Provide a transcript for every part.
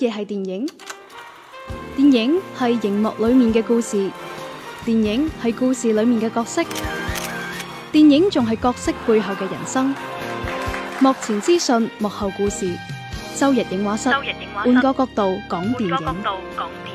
電影係電影，電影係熒幕裏面嘅故事，電影係故事裏面嘅角色，電影仲係角色背後嘅人生。幕前資訊，幕後故事，周日影畫室，換個角度講電影。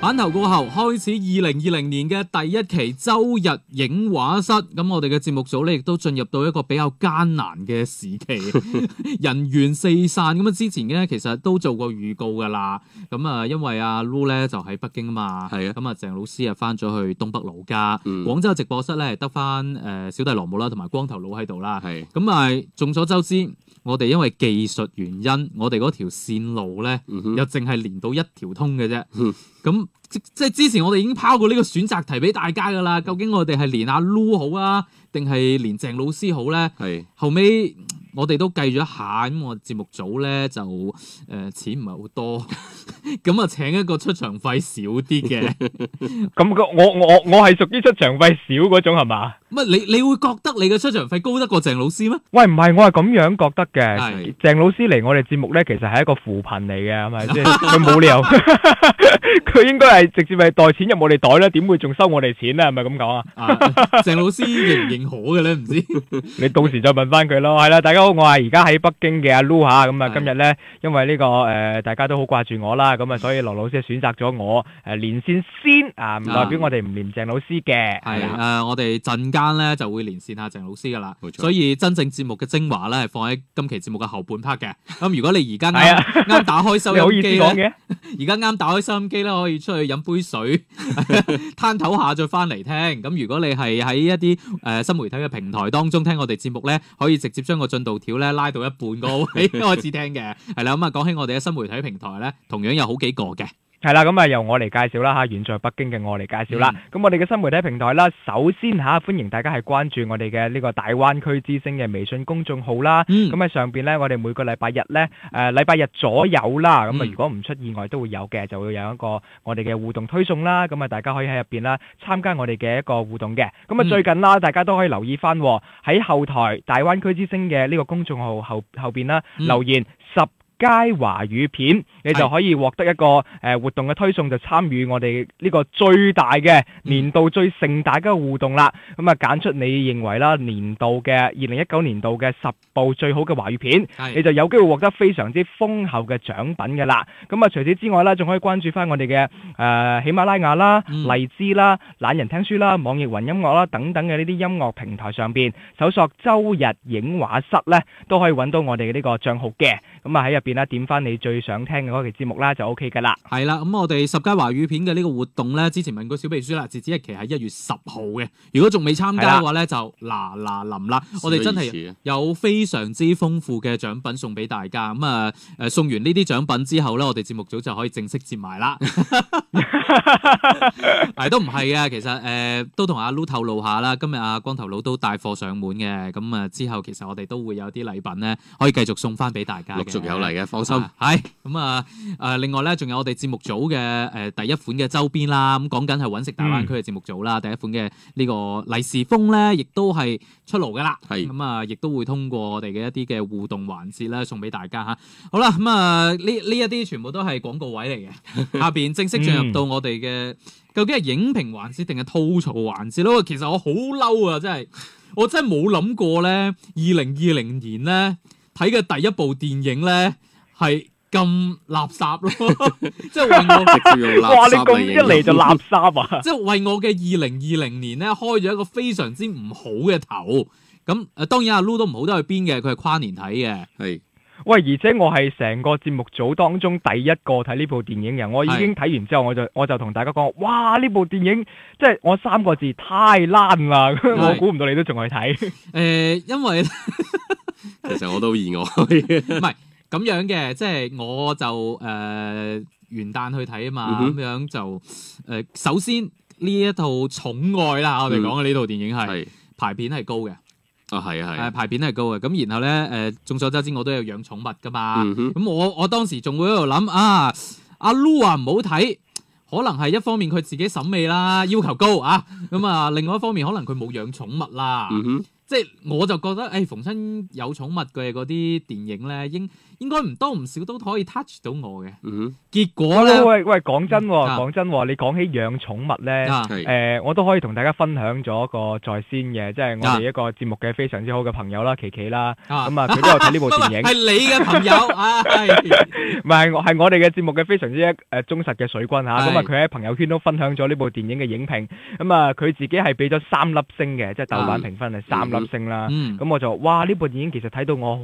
版頭過後開始，二零二零年嘅第一期周日影畫室。咁我哋嘅節目組咧，亦都進入到一個比較艱難嘅時期， 人員四散咁啊。之前咧其實都做過預告噶啦。咁啊，因為阿 Lu 咧就喺北京啊嘛，係啊的。咁啊，鄭老師啊翻咗去東北老家，廣、嗯、州直播室咧得翻誒小弟羅姆啦，同埋光頭佬喺度啦。係咁啊，眾所周知，我哋因為技術原因，我哋嗰條線路咧、嗯、哼又淨係連到一條通嘅啫。 咁即即係之前我哋已經拋過呢個選擇題俾大家㗎啦，究竟我哋係連阿 Lu 好啊，定係連鄭老師好咧？係是後尾我哋都計咗下，咁我節目組咧就誒、呃、錢唔係好多，咁 啊請一個出場費少啲嘅、 嗰個，咁個我我我係屬於出場費少嗰種係嘛？乜，你你會覺得你嘅出場費高得過鄭老師咩？喂，唔係，我係咁樣覺得嘅。鄭老師嚟我哋節目咧，其實係一個扶貧嚟嘅，係咪先？佢冇理由，佢應該係直接係袋錢入我哋袋啦，點會仲收我哋錢咧？係咪咁講啊？鄭老師認唔認可嘅咧？唔知，你到時再問翻佢咯。係啦，大家好，我係而家喺北京嘅阿 Lu 吓，咁啊今日咧，因為呢個誒，大家都好掛住我啦，咁啊，所以羅老師選擇咗我誒連線先啊，唔代表我哋唔連鄭老師嘅。係啊，誒，我哋陣間。間咧就會連線阿鄭老師噶啦，所以真正節目嘅精華咧係放喺今期節目嘅後半 part 嘅。咁如果你而家啱啱打開收音機，而家啱打開收音機咧，可以出去飲杯水，攤頭下再翻嚟聽咁如果你係喺一啲誒新媒體嘅平台當中聽我哋節目咧，可以直接將個進度條咧拉到一半個位開始聽嘅。係啦，咁啊講起我哋嘅新媒體平台咧，同樣有好幾個嘅。係啦，咁啊由我嚟介紹啦吓，遠在北京嘅我嚟介紹啦。咁我哋嘅新媒體平台啦，首先吓歡迎大家係關注我哋嘅呢個大灣區之星嘅微信公眾號啦。咁喺上邊咧，我哋每個禮拜日咧，誒禮拜日左右啦，咁啊如果唔出意外都會有嘅，就會有一個我哋嘅互動推送啦。咁啊大家可以喺入邊啦參加我哋嘅一個互動嘅。咁啊最近啦，大家都可以留意翻喺後台大灣區之星嘅呢個公眾號後後邊啦留言十。佳華語片，你就可以獲得一個誒、呃、活動嘅推送，就參與我哋呢個最大嘅年度最盛大嘅互動啦。咁、嗯、啊，揀出你認為啦年度嘅二零一九年度嘅十部最好嘅華語片，嗯、你就有機會獲得非常之豐厚嘅獎品㗎啦。咁啊，除此之外啦，仲可以關注翻我哋嘅誒喜馬拉雅啦、嗯、荔枝啦、懶人聽書啦、網易雲音樂啦等等嘅呢啲音樂平台上邊，搜索周日影畫室呢，都可以揾到我哋嘅呢個賬號嘅。咁啊喺入。變啦，點翻你最想聽嘅嗰期節目啦。OK，就 O K 噶啦。係啦，咁我哋十佳華語片嘅呢個活動咧，之前問過小秘書啦，截止日期係一月十號嘅。如果仲未參加嘅話咧，就嗱嗱臨啦，我哋真係有非常之豐富嘅獎品送俾大家。咁、嗯、啊，誒、呃、送完呢啲獎品之後咧，我哋節目組就可以正式接埋啦。係都唔係啊？其實誒、呃、都同阿 Lu 透露下啦。今日阿光頭佬都帶貨上門嘅，咁、嗯、啊，之後其實我哋都會有啲禮品咧，可以繼續送翻俾大家嘅。陸續有嚟。放心，係咁啊！誒，另外咧，仲有我哋節目組嘅誒第一款嘅周邊啦，咁講緊係揾食大灣區嘅節目組啦，第一款嘅呢個利是封咧，亦都係出爐噶啦，係咁啊！亦都會通過我哋嘅一啲嘅互動環節咧，送俾大家吓。好啦，咁啊呢呢一啲全部都係廣告位嚟嘅。下邊正式進入到我哋嘅，究竟係影評環節定係吐槽環節咯？其實我好嬲啊！真係，我真係冇諗過咧，二零二零年咧睇嘅第一部電影咧。係咁垃圾咯， 即係應該食住用垃圾嚟影一嚟就垃圾啊！即係 為我嘅二零二零年咧開咗一個非常之唔好嘅頭。咁誒，當然阿 Lu 都唔好得去邊嘅，佢係跨年睇嘅。係是，喂，而且我係成個節目組當中第一個睇呢部電影人,我已經睇完之後我是我，我就我就同大家講，哇！呢部電影即係我三個字太爛啦！ 是我估唔到你都仲去睇。誒、呃，因為 其實我都意外， 唔係。咁樣嘅，即係我就誒元旦去睇啊嘛，咁樣就誒首先呢一套寵愛啦，我哋講嘅呢套電影係排片係高嘅啊，係啊係誒排片係高嘅，咁然後咧誒眾所周知我都有養寵物噶嘛，咁我我當時仲會喺度諗啊，阿 Lu 話唔好睇，可能係一方面佢自己審美啦，要求高啊，咁啊另外一方面可能佢冇養寵物啦，即係我就覺得誒逢親有寵物嘅嗰啲電影咧應應該唔多唔少都可以 touch 到我嘅，結果咧，喂喂，講真，講真，你講起養寵物咧，誒，我都可以同大家分享咗一個在先嘅，即係我哋一個節目嘅非常之好嘅朋友啦，琪琪啦，咁啊，佢都有睇呢部電影。係你嘅朋友啊？唔係我係我哋嘅節目嘅非常之一誒忠實嘅水軍吓，咁啊佢喺朋友圈都分享咗呢部電影嘅影評，咁啊佢自己係俾咗三粒星嘅，即係豆瓣評分係三粒星啦，咁我就哇呢部電影其實睇到我好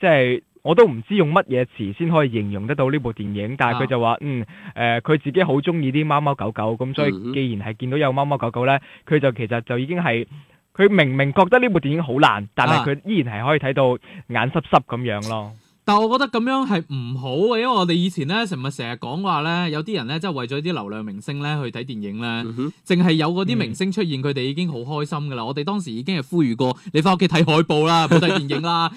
即係。我都唔知用乜嘢詞先可以形容得到呢部電影，但係佢就話，嗯，誒、呃，佢自己好中意啲貓貓狗狗，咁所以既然係見到有貓貓狗狗呢，佢就其實就已經係，佢明明覺得呢部電影好爛，但係佢依然係可以睇到眼濕濕咁樣咯。但我覺得咁樣係唔好嘅，因為我哋以前咧成日成日講話咧，有啲人咧即係為咗啲流量明星咧去睇電影咧，淨係、mm hmm. 有嗰啲明星出現，佢哋、mm hmm. 已經好開心噶啦。我哋當時已經係呼籲過你翻屋企睇海報啦，冇睇電影啦。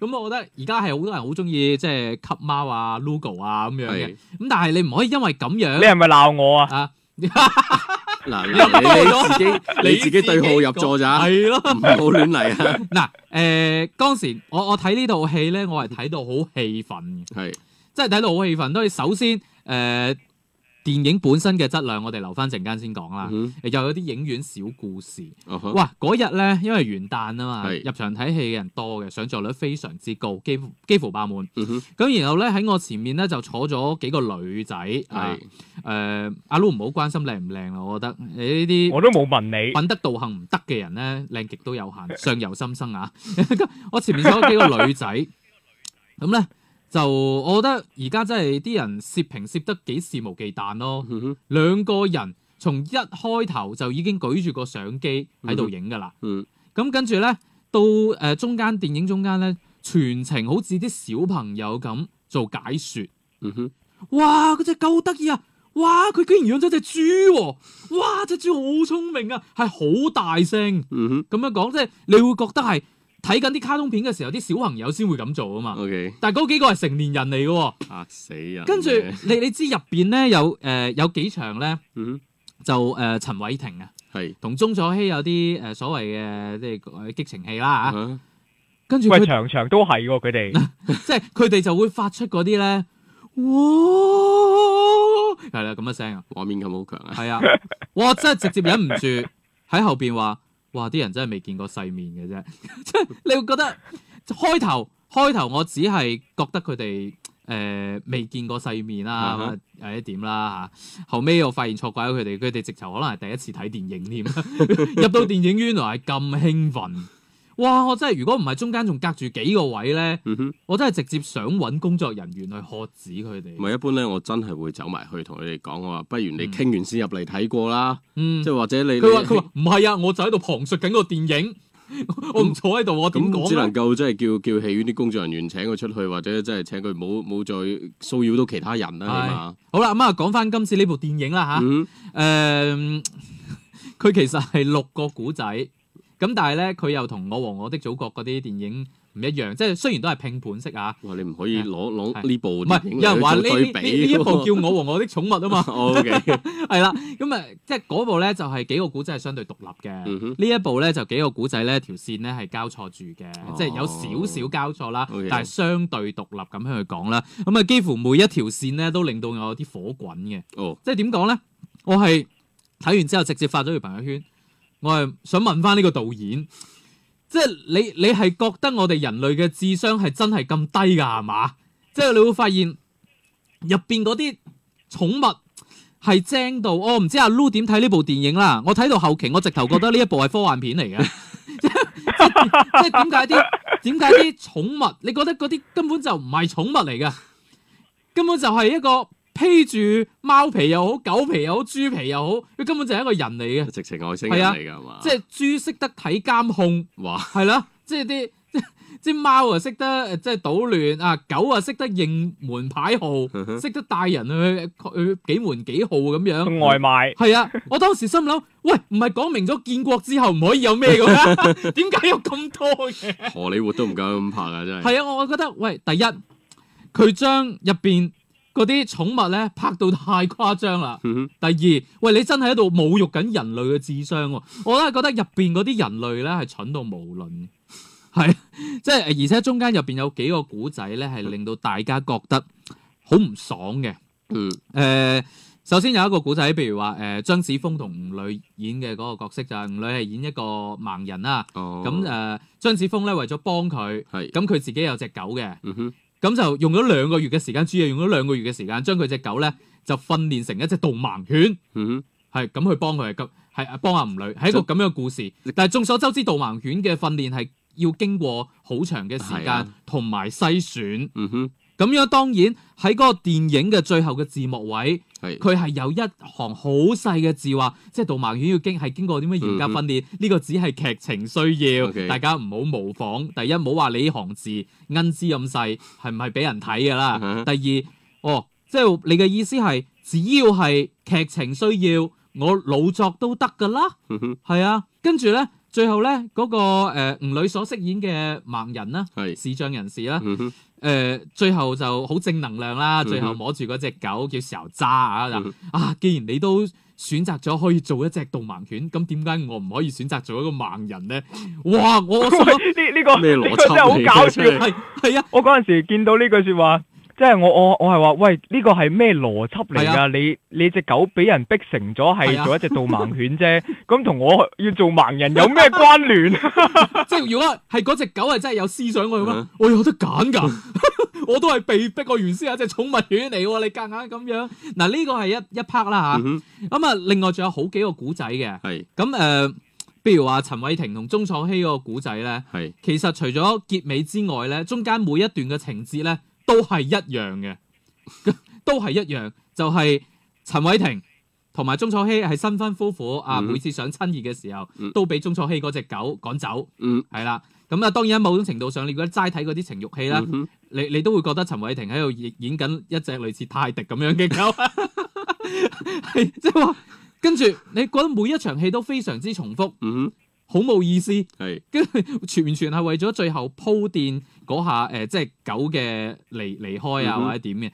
咁 我覺得而家係好多人好中意即係吸貓啊、logo 啊咁樣嘅。咁是但係你唔可以因為咁樣。你係咪鬧我啊？啊 嗱， 你自己你自己對號入座咋，係咯，唔好亂嚟啊！嗱，誒，當時我我睇呢套戲咧，我係睇到好氣憤嘅，係，是真係睇到好氣憤，所以首先，誒、呃。電影本身嘅質量，我哋留翻陣間先講啦。嗯、又有啲影院小故事。嗯、哇，嗰日咧，因為元旦啊嘛，是入場睇戲嘅人多嘅，上座率非常之高，幾乎幾乎爆滿。咁、嗯、然後咧，喺我前面咧就坐咗幾個女仔。係、嗯呃、阿 Lu 唔好關心靚唔靚啦，我覺得你呢啲我都冇問你品德道行唔得嘅人咧，靚極都有限，相由心生啊！ 我前面坐咗幾個女仔，咁咧。 就我覺得而家真係啲人攝屏攝得幾肆無忌憚咯，兩個人從一開頭就已經舉住個相機喺度影㗎啦。咁 跟住咧到誒中間電影中間咧，全程好似啲小朋友咁做解説。 哇！嗰隻夠得意啊！哇！佢居然養咗隻豬喎！哇！隻豬好聰明啊，係好大聲。咁 樣講即係你會覺得係。睇緊啲卡通片嘅時候，啲小朋友先會咁做啊嘛。但係嗰幾個係成年人嚟㗎。嚇死啊！跟住你你知入邊咧有誒有幾場咧，就誒陳偉霆啊，同鐘楚曦有啲誒所謂嘅即係激情戲啦嚇。跟住佢場場都係佢哋即係佢哋就會發出嗰啲咧，係啦咁嘅聲啊，畫面感好強啊。係啊，哇！真係直接忍唔住喺後邊話。哇！啲人真係未見過世面嘅啫，即 你會覺得開頭開頭我只係覺得佢哋誒未見過世面，啊 uh huh. 嗯嗯，啦，或者點啦嚇。後尾我發現錯怪咗佢哋，佢哋直頭可能係第一次睇電影添， 入到電影院原來係咁興奮。哇！我真係，如果唔係中間仲隔住幾個位咧，嗯、哼我真係直接想揾工作人員去喝止佢哋。唔係一般咧，我真係會走埋去同佢哋講，我話不如你傾完先入嚟睇過啦。嗯、即係或者你佢話佢話唔係啊，我就喺度旁述緊個電影，嗯、我唔坐喺度我點只能夠即係叫叫戲院啲工作人員請佢出去，或者即係請佢冇冇再騷擾到其他人啦。係嘛唉。吧好啦，咁、嗯、啊，講翻今次呢部電影啦吓。誒、嗯，佢、嗯嗯、其實係六個古仔。咁但係咧，佢又同《我和我的祖國》嗰啲電影唔一樣，即係雖然都係拼盤式啊。哇！你唔可以攞攞呢部。唔係，有人話呢呢一部叫《我和我的寵物》啊嘛。O K。係啦，咁誒，即係嗰部咧就係幾個古仔係相對獨立嘅。呢、嗯、哼一部咧就幾個古仔咧條線咧係交錯住嘅，哦、即係有少少交錯啦，哦 okay. 但係相對獨立咁樣去講啦。咁啊，幾乎每一條線咧都令到我有啲火滾嘅。哦、即係點講咧？我係睇完之後直接發咗去朋友圈。我係想問翻呢個導演，即係你你係覺得我哋人類嘅智商係真係咁低㗎係嘛？即係你會發現入邊嗰啲寵物係精到，我、哦、唔知阿 Loo 點睇呢部電影啦。我睇到後期，我直頭覺得呢一部係科幻片嚟嘅。 即係點解啲點解啲寵物？你覺得嗰啲根本就唔係寵物嚟嘅，根本就係一個。披住貓皮又好，狗皮又好，豬皮又好，佢根本就係一個人嚟嘅，直情外星人嚟㗎嘛！即係豬識得睇監控，係啦，即係啲即係啲貓啊識得即係搗亂啊，狗啊識得認門牌號，識得帶人去去幾門幾號咁樣外賣。係啊，我當時心諗，喂，唔係講明咗建國之後唔可以有咩嘅咩？點解有咁多嘅？荷里活都唔夠咁拍㗎，真係。係啊，我覺得，喂，第一佢將入邊。嗰啲寵物咧拍到太誇張啦。嗯、哼第二，喂，你真係喺度侮辱緊人類嘅智商喎、哦！我都係覺得入邊嗰啲人類咧係蠢到無倫，係即係而且中間入邊有幾個古仔咧係令到大家覺得好唔爽嘅。誒、嗯，首先有一個古仔，譬如話誒張子楓同吳磊演嘅嗰個角色，就係吳磊係演一個盲人啦。咁誒、哦呃、張子楓咧為咗幫佢，咁佢是自己有隻狗嘅。嗯咁就用咗兩個月嘅時間，主要用咗兩個月嘅時間將佢隻狗咧就訓練成一隻導盲犬，係咁、嗯、哼去幫佢係，係幫阿吳磊係一個咁樣嘅故事。嗯、哼但係眾所周知，導盲犬嘅訓練係要經過好長嘅時間同埋、嗯、哼篩選。嗯哼。咁樣當然喺嗰個電影嘅最後嘅字幕位，佢係是有一行好細嘅字話，即係導盲犬要經係經過點樣嚴格訓練呢、mm hmm. 個只係劇情需要，Okay. 大家唔好模仿。第一，唔好話你呢行字恩字咁細，係唔係俾人睇噶啦？Mm hmm. 第二，哦，即係你嘅意思係只要係劇情需要，我老作都得噶啦。係、mm hmm. 啊，跟住咧。最後咧，嗰、那個誒吳磊所飾演嘅盲人啦，的視障人士啦，誒、嗯哼呃、最後就好正能量啦，最後摸住嗰隻狗叫時候渣啊！啊，既然你都選擇咗可以做一隻導盲犬，咁點解我唔可以選擇做一個盲人咧？哇！我呢呢、這個、個，個真係好搞笑，係係 啊！我嗰陣時見到呢句説話。即係我我我係話喂，呢個係咩邏輯嚟噶？你你隻狗俾人逼成咗係做一隻導盲犬啫，咁同是、啊、 我要做盲人有咩關聯？ 即係如果係嗰隻狗係真係有思想嘅話，我有得揀噶，我， 我都係被逼過。我原先係一隻寵物犬嚟，你夾硬咁樣嗱，呢、這個係一一 part 啦吓。咁啊、嗯哼，另外仲有好幾個古仔嘅，咁誒是、呃，譬如話陳偉霆同鍾楚曦嗰個古仔咧，是其實除咗結尾之外咧，中間每一段嘅情節咧。都係一樣嘅，都係一樣，就係、是、陳偉霆同埋鐘楚曦係新婚夫婦啊！每次想親熱嘅時候，都俾鐘楚曦嗰隻狗趕走，係啦、嗯。咁啊，當然喺某種程度上，你覺得齋睇嗰啲情慾戲啦，嗯、你你都會覺得陳偉霆喺度演演緊一隻類似泰迪咁樣嘅狗，係即係話，跟住你覺得每一場戲都非常之重複。嗯好冇意思，跟住是全全係為咗最後鋪墊嗰下誒、呃，即係狗嘅離離開啊或者點嘅、嗯嗯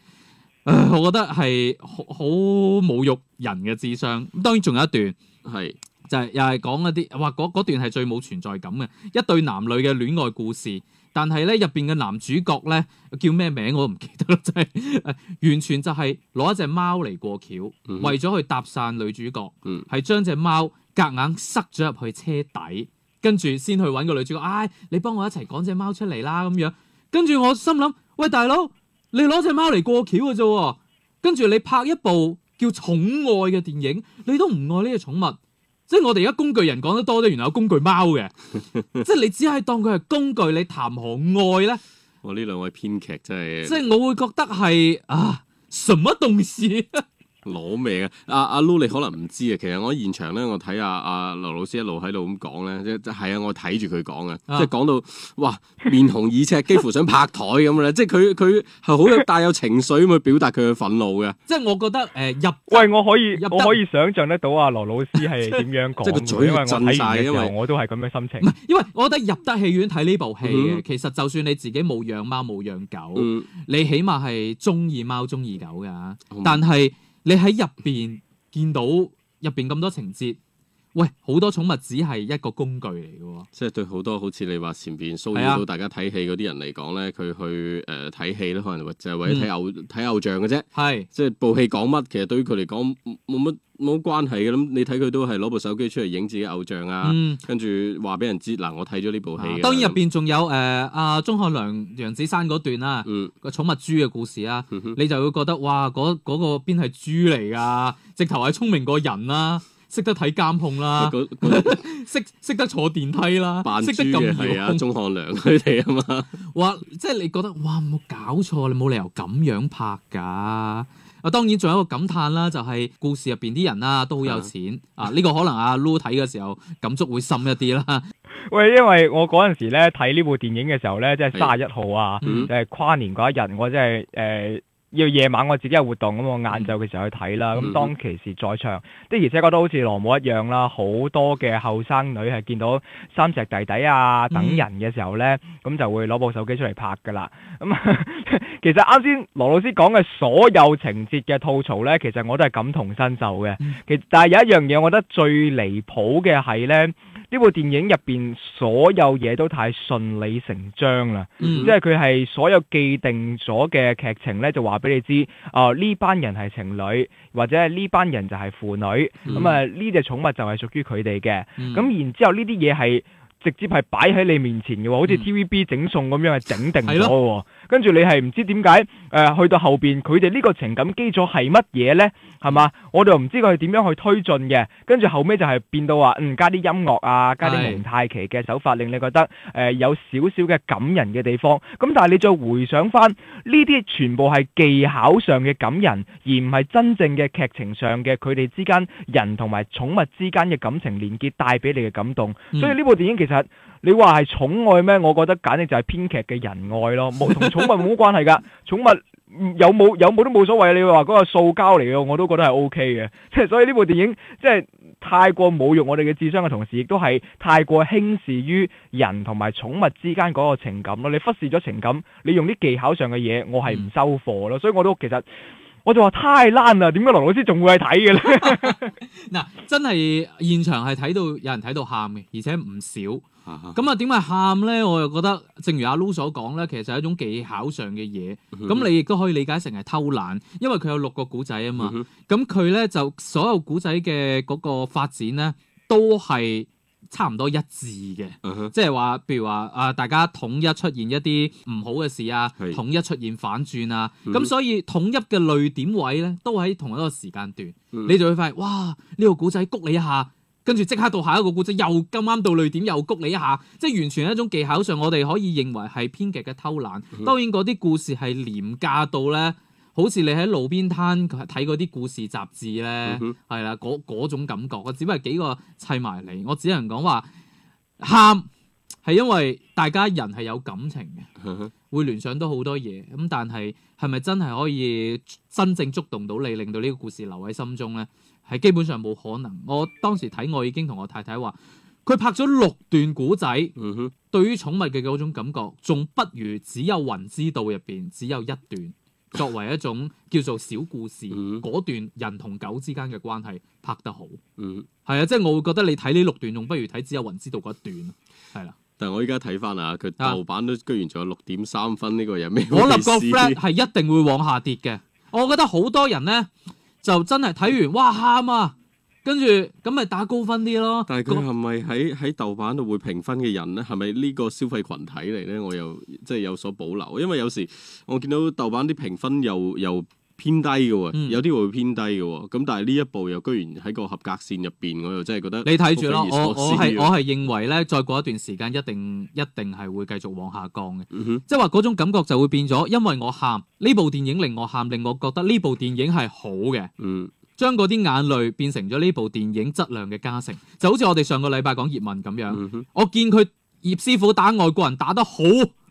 呃，我覺得係好好侮辱人嘅智商。咁當然仲有一段係是就係又係講一啲哇嗰嗰段係最冇存在感嘅一對男女嘅戀愛故事。但係咧，入邊嘅男主角咧叫咩名我都唔記得啦，就係、是、完全就係攞一隻貓嚟過橋，mm hmm. 為咗去搭訕女主角，係將隻貓夾硬，硬塞咗入去車底，跟住先去揾個女主角，唉、哎，你幫我一齊趕隻貓出嚟啦咁樣。跟住我心諗，喂大佬，你攞隻貓嚟過橋嘅啫，跟住你拍一部叫《寵愛》嘅電影，你都唔愛呢隻寵物。即係我哋而家工具人講得多啲，原來有工具貓嘅， 即係你只係當佢係工具，你談何愛咧？我呢兩位編劇真係，即係我會覺得係啊，什麼東西？ 攞命啊，阿阿 Lu 你可能唔知啊。其實我喺現場咧，我睇阿阿羅老師一路喺度咁講咧，即係係啊，我睇住佢講嘅，即係講到哇，面紅耳赤， 幾乎想拍台咁樣咧。即係佢佢係好有帶有情緒咁去表達佢嘅憤怒嘅。即係我覺得誒、呃、入得喂，我可以，我可以想象得到阿、啊、羅老師係點樣講， 即嘴，因為我睇完嘅時候我都係咁嘅心情。因、因為我覺得入得戲院睇呢部戲，嗯、其實就算你自己冇養貓冇養狗，嗯、你起碼係中意貓中意狗㗎。但係你喺入邊見到入邊咁多情節。喂，好多寵物只係一個工具嚟嘅喎。即係對多好多好似你話前邊騷擾到大家睇戲嗰啲人嚟講咧，佢、啊、去誒睇、呃、戲咧，可能就係為咗睇偶睇、嗯、偶像嘅啫。係是，即係部戲講乜，其實對於佢嚟講冇乜冇關係嘅。咁你睇佢都係攞部手機出嚟影自己偶像啊，嗯、跟住話俾人知嗱、啊，我睇咗呢部戲、啊。當然入邊仲有誒阿鍾漢良楊子珊嗰段啦、啊，個、嗯、寵物豬嘅故事啊， 你就會覺得哇，嗰嗰、那個邊係、那個、豬嚟㗎，直頭係聰明過人啦、啊。 識得睇監控啦，識識 得坐電梯啦，扮得咁係啊，鍾漢良佢哋啊嘛 。哇！即係你覺得哇冇搞錯，你冇理由咁樣拍㗎。啊，當然仲有一個感嘆啦，就係、是、故事入邊啲人啊都好有錢啊。呢、啊這個可能阿、啊、Lu 睇嘅時候感觸會深一啲啦。喂，因為我嗰陣時咧睇呢部電影嘅時候咧，即係卅一號啊，即、欸嗯、跨年嗰一日，我即係誒。呃要夜晚我自己有活動咁，我晏晝嘅時候去睇啦。咁當其時在場的，而且覺得好似羅姆一樣啦，好多嘅後生女係見到三石弟弟啊等人嘅時候呢，咁就會攞部手機出嚟拍噶啦。咁 其實啱先羅老師講嘅所有情節嘅吐槽呢，其實我都係感同身受嘅。其但係有一樣嘢，我覺得最離譜嘅係呢。呢部電影入邊所有嘢都太順理成章啦，嗯、即係佢係所有既定咗嘅劇情咧，就話俾你知，哦，呢班人係情侶，或者係呢班人就係父女，咁啊呢隻寵物就係屬於佢哋嘅，咁、嗯、然之後呢啲嘢係直接係擺喺你面前嘅，好似 TVB 整餸咁樣係、嗯、的整定咗。跟住你係唔知點解，誒、呃、去到後邊佢哋呢個情感基礎係乜嘢呢？係嘛？我哋又唔知佢係點樣去推進嘅。跟住後尾就係變到話，嗯，加啲音樂啊，加啲蒙太奇嘅手法，令你覺得誒、呃、有少少嘅感人嘅地方。咁但係你再回想翻呢啲全部係技巧上嘅感人，而唔係真正嘅劇情上嘅佢哋之間人同埋寵物之間嘅感情連結帶俾你嘅感動。所以呢部電影其實。你話係寵愛咩？我覺得簡直就係編劇嘅人愛咯，冇同寵物冇關係㗎。寵物有冇有冇都冇所謂。你話嗰個塑膠嚟嘅，我都覺得係 OK 嘅。即係所以呢部電影，即係太過侮辱我哋嘅智商嘅同時，亦都係太過輕視於人同埋寵物之間嗰個情感咯。你忽視咗情感，你用啲技巧上嘅嘢，我係唔收貨咯。所以我都其實。我就話太爛啦！點解羅老師仲會去睇嘅咧？嗱， 真係現場係睇到有人睇到喊嘅，而且唔少。咁啊，點解喊咧？我又覺得，正如阿 Loo 所講咧，其實係一種技巧上嘅嘢。咁你亦都可以理解成係偷懶，因為佢有六個古仔啊嘛。咁佢咧就所有古仔嘅嗰個發展咧，都係。差唔多一致嘅，即係話，譬、huh. 如話啊，大家統一出現一啲唔好嘅事啊，統一出現反轉啊，咁、uh huh. 所以統一嘅淚點位咧，都喺同一個時間段，uh huh. 你就會發現，哇！呢、這個故仔谷你一下，跟住即刻到下一個故仔又咁啱到淚點又谷你一下，即完全係一種技巧上，我哋可以認為係編劇嘅偷懶。Uh huh. 當然嗰啲故事係廉價到咧。好似你喺路邊攤睇嗰啲故事雜誌咧，係啦、mm，嗰、hmm. 嗰種感覺。我只不過幾個砌埋嚟，我只能講話喊係因為大家人係有感情嘅，mm hmm. 會聯想到好多嘢。咁但係係咪真係可以真正觸動到你，令到呢個故事留喺心中咧？係基本上冇可能。我當時睇，我已經同我太太話佢拍咗六段古仔，mm hmm. 對於寵物嘅嗰種感覺，仲不如只有雲知道入邊只有一段。 作為一種叫做小故事嗰、mm hmm. 段人同狗之間嘅關係拍得好，係啊、mm，即、hmm. 係、就是、我會覺得你睇呢六段仲不如睇《只有雲知道》嗰一段，係啦。但係我依家睇翻啊，佢豆瓣都居然仲有六點三分呢、這個嘢咩？我諗個 flag 係一定會往下跌嘅。我覺得好多人咧就真係睇完哇喊啊！跟住咁咪打高分啲咯。但係佢係咪喺喺豆瓣度會評分嘅人咧？係咪呢個消費群體嚟咧？我又即係有所保留，因為有時我見到豆瓣啲評分又又偏低嘅喎，嗯、有啲會偏低嘅喎。咁但係呢一部又居然喺個合格線入邊，我又真係覺得你睇住囉，我我係我係認為咧，再過一段時間一定一定係會繼續往下降嘅。嗯、哼即係話嗰種感覺就會變咗，因為我喊呢部電影令我喊，令我覺得呢部電影係好嘅。嗯。將嗰啲眼淚變成咗呢部電影質量嘅加成，就好似我哋上個禮拜講葉問咁樣。嗯、哼我見佢葉師傅打外國人打得好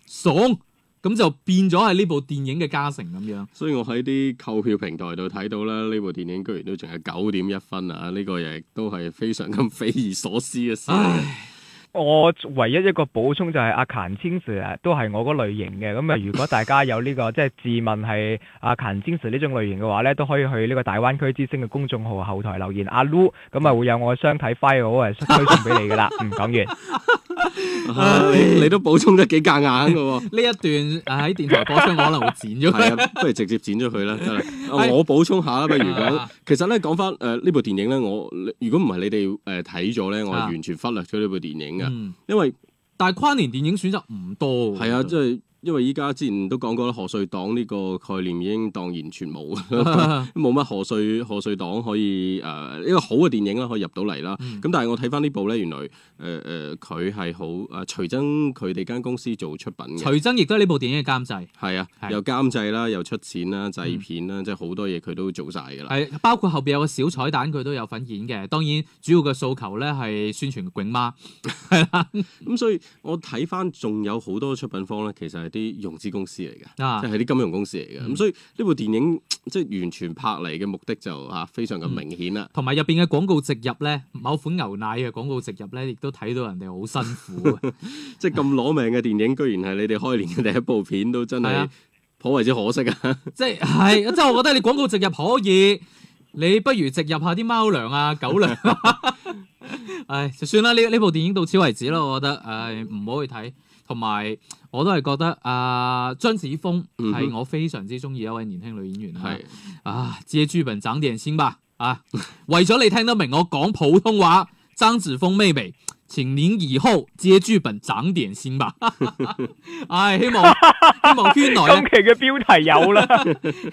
爽，咁就變咗係呢部電影嘅加成咁樣。所以我喺啲購票平台度睇到啦，呢部電影居然都仲係九點一分啊！呢個亦都係非常咁匪夷所思嘅事。唉。我唯一一個補充就係阿 Ken James 都係我嗰類型嘅，咁啊，如果大家有呢、呢個即係自問係阿 Ken James 呢種類型嘅話咧，都可以去呢個大灣區之星嘅公眾號後台留言阿 Lu，咁啊會有我嘅相體 file 推送俾你噶啦。唔講完，你都補充得幾夾硬嘅喎。呢一段喺電台播出可能會剪咗佢，不如直接剪咗佢啦，得啦。我補充下啦，不如，其實咧講翻誒呢部電影咧，我如果唔係你哋誒睇咗咧，我係完全忽略咗呢部電影嘅。嗯，因為但係跨年電影選擇唔多係啊，即係。因為依家之前都講過啦，賀歲檔呢個概念已經蕩然全冇，冇乜賀歲賀歲檔可以誒一個好嘅電影啦，可以入到嚟啦。咁、嗯、但係我睇翻呢部咧，原來誒誒佢係好誒徐崢佢哋間公司做出品嘅。徐崢亦都係呢部電影嘅監製。係啊，又是監製啦，又出錢啦，製片啦，嗯、即係好多嘢佢都做晒㗎啦。係包括後邊有個小彩蛋，佢都有份演嘅。當然主要嘅訴求咧係宣傳囧媽，係啦。咁所以我睇翻仲有好多出品方咧，其實係。啲融資公司嚟嘅，啊、即係啲金融公司嚟嘅，咁、嗯、所以呢部電影即係完全拍嚟嘅目的就啊非常咁明顯啦。同埋入邊嘅廣告植入咧，某款牛奶嘅廣告植入咧，亦都睇到人哋好辛苦 即係咁攞命嘅電影， 居然係你哋開年嘅第一部片，都真係頗為之可惜啊！即係 就是，即係我覺得你廣告植入可以，你不如植入下啲貓糧啊、狗糧、啊，唉、 哎，就算啦，呢呢部電影到此為止啦，我覺得，唉、呃，唔好去睇。同埋我都係覺得啊、呃、張子楓係我非常之中意一位年輕女演員、mm hmm. 啊，啊借劇本長點心吧啊，為咗你聽得明我講普通話，張子楓妹妹。請您以後接劇本長點先吧。唉、 哎，希望希望圈內近期嘅標題有啦，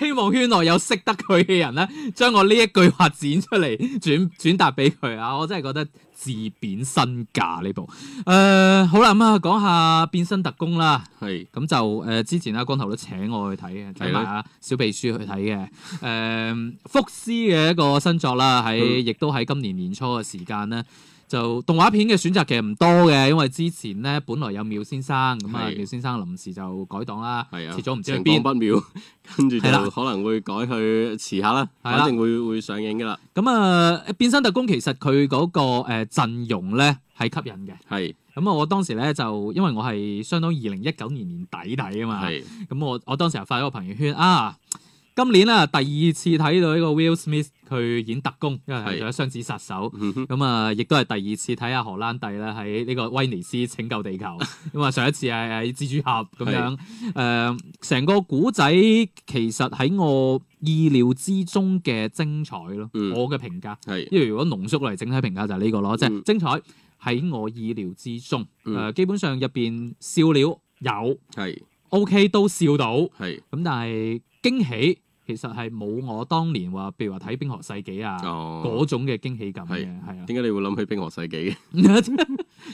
希望圈內 有， 圈內有識得佢嘅人咧，將我呢一句話剪出嚟轉轉達俾佢啊！我真係覺得自貶身價呢部。誒、呃，好啦，咁、嗯、啊，講下變身特工啦。係咁是就誒、呃，之前阿光頭都請我去睇嘅，就係啊小秘書去睇嘅。誒、呃，福斯嘅一個新作啦，喺亦、嗯、都喺今年年初嘅時間咧。就動畫片嘅選擇其實唔多嘅，因為之前咧本來有妙先生咁啊的、嗯，妙先生臨時就改檔啦，遲咗唔知去邊，情況不妙，跟住就可能會改去遲下啦，肯的定會會上映㗎喇。咁啊、嗯呃，變身特工其實佢嗰、那個誒、呃、陣容咧係吸引嘅。係的。咁啊、嗯，我當時咧就因為我係相當於二零一九年年底底啊嘛，咁的我我當時又發咗個朋友圈啊。今年咧，第二次睇到呢個 Will Smith 佢演特工，因為係做雙子殺手咁啊的，亦都係第二次睇下荷蘭弟咧喺呢個威尼斯拯救地球。咁啊，上一次係喺蜘蛛俠咁樣的，誒、呃，成個古仔其實喺我意料之中嘅精彩咯。嗯、我嘅評價係，的因為如果濃縮嚟整體評價就係呢、這個咯，即、就、係、是、精彩喺、嗯、我意料之中。誒、呃，基本上入邊笑料有係 OK 都笑到係咁，但係。驚喜其實係冇我當年話，譬如話睇《冰河世紀》啊，嗰、哦、種嘅驚喜感嘅係係啊。點解你會諗起冰《冰河世紀》？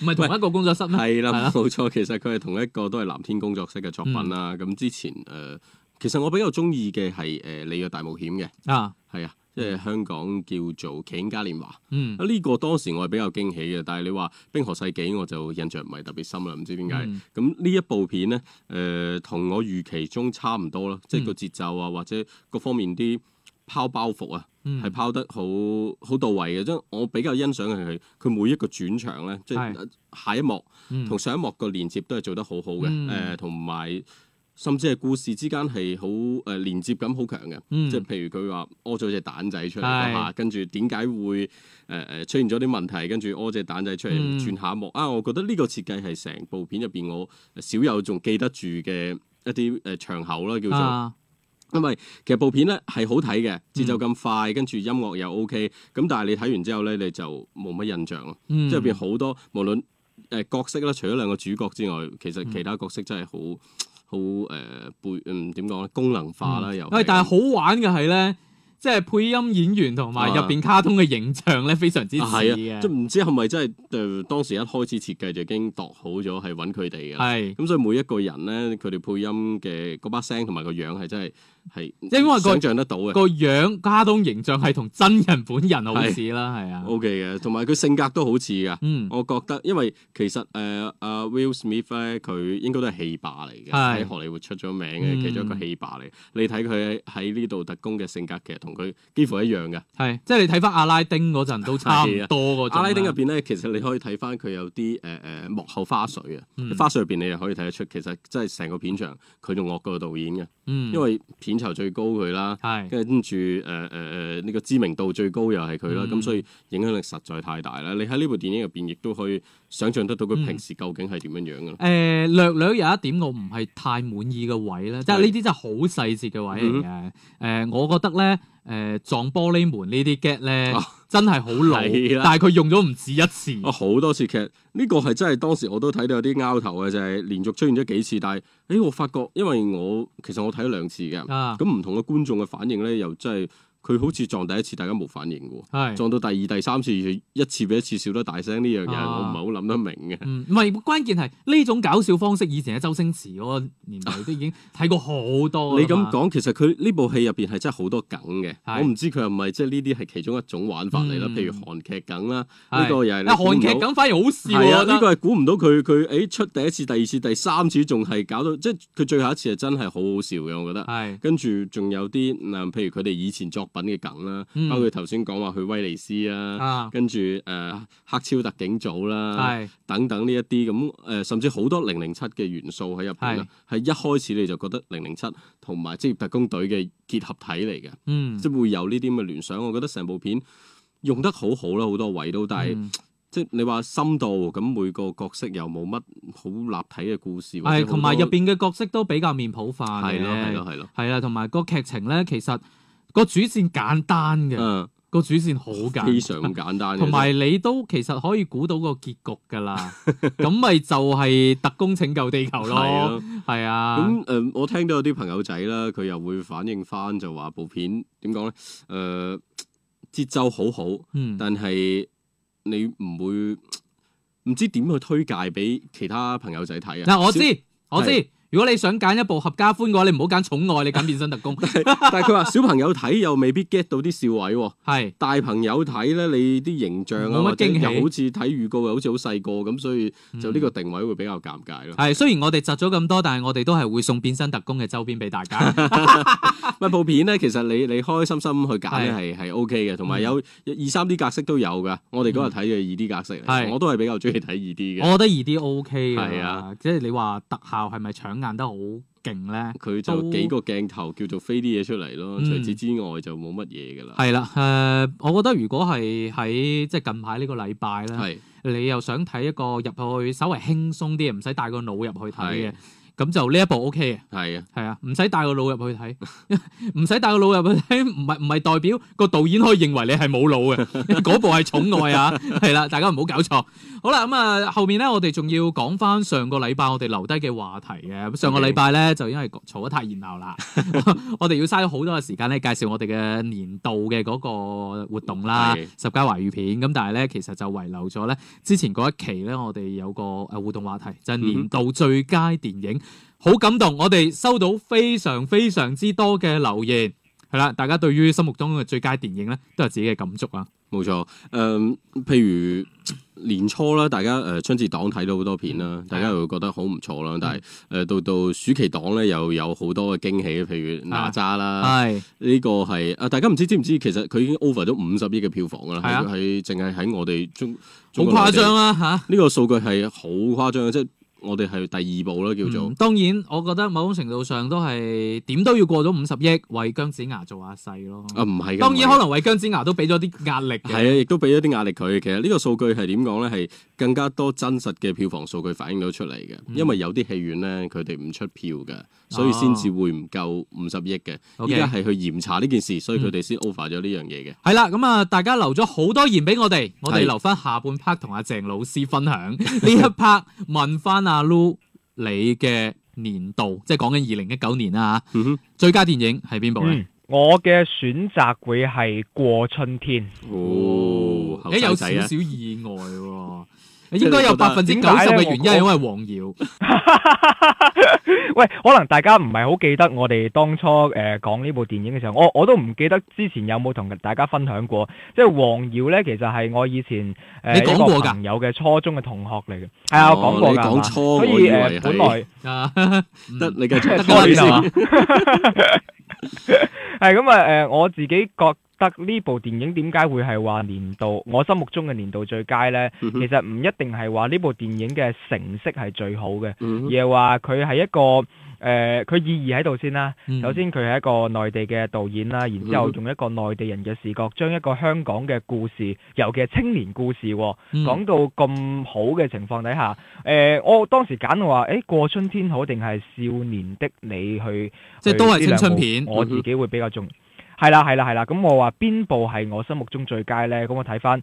唔係同一個工作室咩？係啦，冇錯、啊啊，其實佢係同一個都係藍天工作室嘅作品啦、啊。咁、嗯、之前誒、呃，其實我比較中意嘅係誒《你嘅大冒險》嘅啊，係啊。即係香港叫做《奇鸚嘉年華》嗯，啊呢個當時我係比較驚喜嘅，但係你話《冰河世紀》，我就印象唔係特別深啦，唔知點解。咁呢、嗯、一部片咧，誒、呃、同我預期中差唔多啦，即係個節奏啊，或者各方面啲拋包袱啊，係拋、嗯、得好好到位嘅。即係我比較欣賞嘅係佢每一個轉場咧，即係下一幕同、嗯、上一幕個連接都係做得好好嘅，誒同埋。呃甚至係故事之間係好誒連接感好強嘅，即係譬如佢話屙咗隻蛋仔出嚟對啊，跟住點解會誒誒、呃、出現咗啲問題？跟住屙隻蛋仔出嚟、嗯、轉下幕啊，我覺得呢個設計係成部片入邊我少有仲記得住嘅一啲誒場口啦，叫做、啊、因為其實部片咧係好睇嘅節奏咁快，嗯、跟住音樂又 OK，咁但係你睇完之後咧你就冇乜印象咯，嗯、即係入邊好多無論誒角色啦，除咗兩個主角之外，其實其他角色真係好。好誒、呃、背嗯點講咧功能化啦、嗯、又是，誒但係好玩嘅係咧，即、就、係、是、配音演員同埋入邊卡通嘅形象咧，啊、非常之似嘅、啊。即係唔知係咪真係誒、呃、當時一開始設計就已經度好咗係揾佢哋嘅。係，咁是、嗯、所以每一個人咧，佢哋配音嘅嗰把聲同埋個樣係真係。係，即係因為個樣、個樣、卡通形象係同真人本人好似啦，係啊。O K 嘅，同埋佢性格都好似噶。嗯，我覺得因為其實誒阿 Will Smith 咧，佢應該都係戲霸嚟嘅，喺荷里活出咗名嘅其中一個戲霸嚟。你睇佢喺呢度特工嘅性格，其實同佢幾乎一樣嘅。係，即係你睇翻《阿拉丁》嗰陣都差唔多噶。阿拉丁入邊咧，其實你可以睇翻佢有啲誒誒幕後花絮嘅，花絮入邊你又可以睇得出，其實真係成個片場佢仲惡過導演嘅。因為片。片酬最高佢啦，跟住誒誒誒，呢、呃呃這個知名度最高又係佢啦，咁、嗯、所以影響力實在太大啦。你喺呢部電影入邊亦都可以。想象得到佢平時究竟係點樣樣嘅？誒、嗯呃、略略有一點我唔係太滿意嘅位咧，是即係呢啲真係好細節嘅位嚟嘅。誒、嗯哼呃，我覺得咧，誒、呃、撞玻璃門呢啲 get 咧，啊、真係好老，的但係佢用咗唔止一次。哦、啊，好多次劇呢、呢個係真係當時我都睇到有啲拗頭嘅，就係、是、連續出現咗幾次。但係，誒、欸、我發覺，因為我其實我睇咗兩次嘅，咁唔、啊、同嘅觀眾嘅反應咧，又真係。佢好似撞第一次大家冇反應嘅，撞到第二、第三次，一次比一次笑得大聲呢樣嘢，我唔係好諗得明嘅。唔係關鍵係呢種搞笑方式，以前喺周星馳嗰個年代都已經睇過好多。你咁講，其實佢呢部戲入邊係真係好多梗嘅。我唔知佢係咪即係呢啲係其中一種玩法嚟啦。譬如韓劇梗啦，呢個又係。韓劇梗反而好笑啊！呢個係估唔到佢佢誒出第一次、第二次、第三次仲係搞到即係佢最後一次係真係好好笑嘅，我覺得。係。跟住仲有啲譬如佢哋以前作揾嘅梗啦，包括頭先講話去威尼斯啊，跟住誒黑超特警組啦，等等呢一啲咁誒，甚至好多零零七嘅元素喺入邊啦，係一開始你就覺得零零七同埋職業特工隊嘅結合體嚟嘅，嗯，即係會有呢啲咁嘅聯想。我覺得成部片用得好好啦，好多位都，但係即係你話深度咁每個角色又冇乜好立體嘅故事，係同埋入邊嘅角色都比較面譜化嘅，係咯係咯係咯，係啊，同埋個劇情咧其實。個主線簡單嘅，個、嗯、主線好簡單，非常簡單。同埋你都其實可以估到個結局㗎啦。咁咪 就係特工拯救地球咯，係 啊。咁誒、啊啊呃，我聽到有啲朋友仔啦，佢又會反應返就話部片點講咧？誒、呃、節奏好好，嗯、但係你唔會唔知點去推介俾其他朋友仔睇啊。嗱、嗯，我知，我知。是我知如果你想揀一部合家歡嘅話，你唔好揀《寵愛》，你揀《變身特工》。但係佢話小朋友睇又未必 get 到啲笑位喎。係大朋友睇咧，你啲形象啊，又好似睇預告又好似好細個咁，所以就呢個定位會比較尷尬咯。係，雖然我哋集咗咁多，但係我哋都係會送《變身特工》嘅周邊俾大家。咪部片咧，其實你你開開心心去揀係係 OK 嘅，同埋有二三 D 格式都有噶。我哋嗰日睇嘅二 D 格式，嚟，我都係比較中意睇二 D 嘅。我覺得二 D OK 嘅，係啊，即係你話特效係咪搶？硬得好勁咧，佢就幾個鏡頭叫做飛啲嘢出嚟咯。嗯、除此之外就冇乜嘢噶啦。係啦，誒，我覺得如果係喺即近排呢個禮拜咧，是的 你又想睇一個入去稍為輕鬆啲，唔使帶個腦入去睇嘅。咁就呢一部 O K 嘅，係啊的，係啊，唔使帶個腦入去睇，唔使帶個腦入去睇，唔係唔係代表個導演可以認為你係冇腦嘅，嗰部係寵愛啊，係啦， 大家唔好搞錯。好啦，咁、嗯、啊，後面咧，我哋仲要講翻上個禮拜我哋留低嘅話題嘅，上個禮拜咧就因為嘈得太熱鬧啦， 我哋要嘥咗好多嘅時間咧，介紹我哋嘅年度嘅嗰個活動啦， 十佳華語片，咁但係咧，其實就遺留咗咧，之前嗰一期咧，我哋有個誒互動話題，就係、年度最佳電影。 好感動，我哋收到非常非常之多嘅留言，係啦，大家對於心目中嘅最佳電影咧，都有自己嘅感觸啊。冇錯，誒、呃，譬如年初啦，大家誒、呃、春節檔睇到好多片啦，大家又會覺得好唔錯啦。的但係誒、呃、到到暑期檔咧，又有好多嘅驚喜，譬如哪吒啦，係呢個係啊，大家唔知知唔知，其實佢已經 over 咗五十億嘅票房噶啦，喺淨係喺我哋中好誇張啊吓，呢個數據係好誇張嘅，即係。我哋係第二部啦，叫做、嗯。當然，我覺得某種程度上都係點都要過咗五十億為姜子牙做下勢咯。啊，唔係，當然為可能為姜子牙都俾咗啲壓力。係啊，亦都俾咗啲壓力佢。其實呢個數據係點講咧？係更加多真實嘅票房數據反映到出嚟嘅。嗯、因為有啲戲院咧，佢哋唔出票嘅，所以先至會唔夠五十億嘅。依家係去嚴查呢件事，嗯、所以佢哋先 over 咗呢樣嘢嘅。係啦，咁、嗯、啊，大家留咗好多言俾我哋，我哋留翻下半 part 同阿鄭老師分享呢一 part 問翻。阿 Lu，你嘅年度即係講緊二零一九年啦吓，嗯、哼最佳電影係邊部咧，嗯？我嘅選擇會係過春天。哦，啊欸，有少少意外，啊應該有百分之九十嘅原因係因為王瑤。喂，可能大家唔係好記得我哋當初誒講呢部電影嘅時候，我我都唔記得之前有冇同大家分享過。即係王瑤咧，其實係我以前誒一個朋友嘅初中嘅同學嚟嘅。係啊，我講過噶。講初我以為係。得，你繼續。唔好意思。係咁啊！誒，我自己覺。但呢部電影點解會係話年度我心目中嘅年度最佳呢？其實唔一定係話呢部電影嘅成色係最好嘅，而係話佢係一個誒，佢，呃、意義喺度先啦。首先佢係一個內地嘅導演啦，然之後用一個內地人嘅視角，將一個香港嘅故事，尤其係青年故事，講到咁好嘅情況底下。誒，呃，我當時揀我話誒，過春天好定係少年的你去，即係都係青春片，我自己會比較中。係啦，係啦，係啦。咁我話邊部係我心目中最佳呢？咁我睇翻《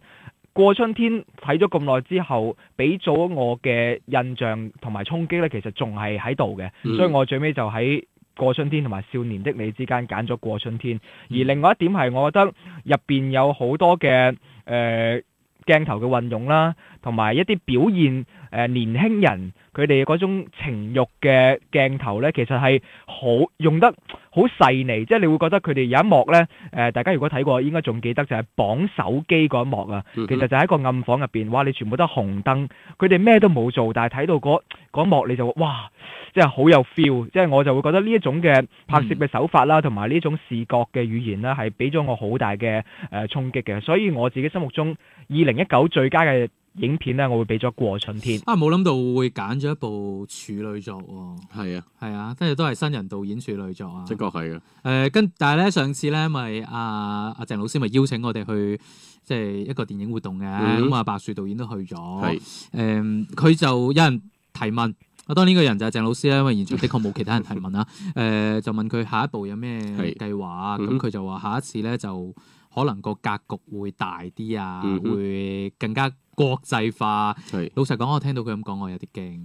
過春天》睇咗咁耐之後，俾咗我嘅印象同埋衝擊呢，其實仲係喺度嘅。嗯、所以我最尾就喺《過春天》同埋《少年的你》之間揀咗《過春天》。而另外一點係，我覺得入邊有好多嘅誒、呃、鏡頭嘅運用啦，同埋一啲表現。誒、呃、年輕人佢哋嗰種情慾嘅鏡頭呢，其實係好用得好細膩，即係你會覺得佢哋有一幕呢，誒、呃、大家如果睇過應該仲記得，就係綁手機嗰一幕啊。其實就喺一個暗房入邊，哇！你全部都紅燈，佢哋咩都冇做，但係睇到嗰幕你就哇，即係好有 feel，即係我就會覺得呢一種嘅拍攝嘅手法啦，同埋呢種視覺嘅語言呢，係俾咗我好大嘅誒衝擊嘅。所以我自己心目中二零一九最佳嘅影片咧，我會俾咗《過春天》啊，冇諗到會揀咗一部處女作喎。係啊，係啊，跟住、啊、都係新人導演處女作啊，即係確係嘅。跟、呃、但係咧，上次咧，咪阿阿鄭老師咪邀請我哋去即係一個電影活動嘅咁，阿白雪導演都去咗。係佢是、呃、就有人提問，我當年嗰個人就係鄭老師啦，因為現場的確冇其他人提問啦、啊。誒、 呃，就問佢下一步有咩計劃啊？咁佢、嗯、就話下一次咧就可能個格局會大啲啊，會更加。 國際化係是，老實講，我聽到佢咁講，我有啲驚。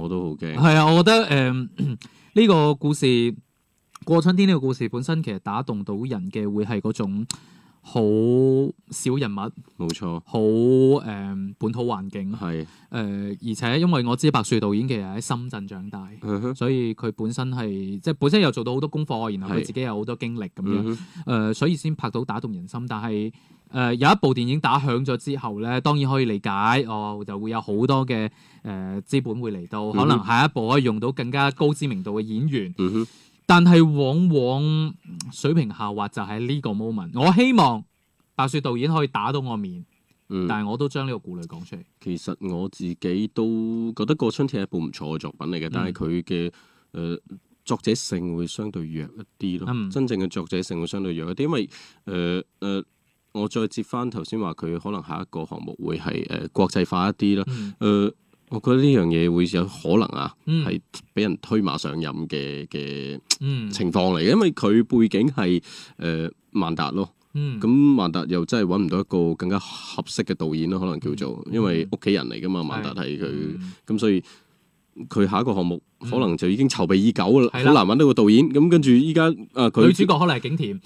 我都好驚。係啊，我覺得誒、呢、呃，這個故事過春天呢個故事本身其實打動到人嘅會係嗰種好小人物，冇錯。好誒、呃、本土環境係誒是、呃，而且因為我知白雪導演其實喺深圳長大，嗯、哼所以佢本身係即係本身又做到好多功課，然後佢自己有好多經歷咁樣誒，所以先拍到打動人心。但係誒、呃、有一部電影打響咗之後咧，當然可以理解，哦就會有好多嘅誒、呃、資本會嚟到，嗯、哼可能下一部可以用到更加高知名度嘅演員。嗯、哼但係往往水平下滑就喺呢個 moment。我希望白雪導演可以打到我面，嗯、但係我都將呢個顧慮講出嚟。其實我自己都覺得過春天係一部唔錯嘅作品嚟嘅，但係佢嘅誒作者性會相對弱一啲咯。嗯、真正嘅作者性會相對弱一啲，因為誒誒。呃呃呃我再接翻頭先話佢可能下一個項目會係誒國際化一啲啦，誒，我覺得呢樣嘢會有可能啊，係俾人推馬上任嘅嘅情況嚟嘅，因為佢背景係誒萬達咯，咁萬達又真係揾唔到一個更加合適嘅導演咯，可能叫做因為屋企人嚟㗎嘛，萬達係佢，咁所以佢下一個項目可能就已經籌備已久啦，好難揾到個導演，咁跟住依家誒佢女主角可能係景甜。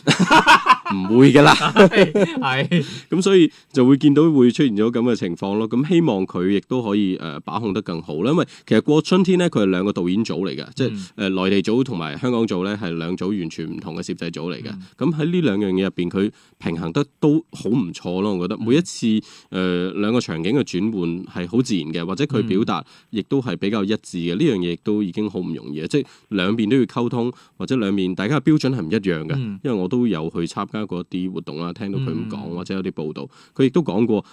唔 會嘅的啦，係，咁所以就會見到會出現咗咁嘅情況咯。咁希望佢亦都可以誒把控得更好啦。因為其實過春天咧，佢係兩個導演組嚟嘅，即係誒內地組同埋香港組咧係兩組完全唔同嘅攝製組嚟嘅。咁喺呢兩樣嘢入邊，佢平衡得都好唔錯咯。我覺得每一次誒兩、嗯呃、個場景嘅轉換係好自然嘅，或者佢表達亦都係比較一致嘅。呢、嗯、樣嘢亦都已經好唔容易啊！即係兩邊都要溝通，或者兩邊大家嘅標準係唔一樣嘅。嗯、因為我都有去參。而家嗰啲活動啦，聽到佢咁講，或者有啲報道，佢亦都講過，誒、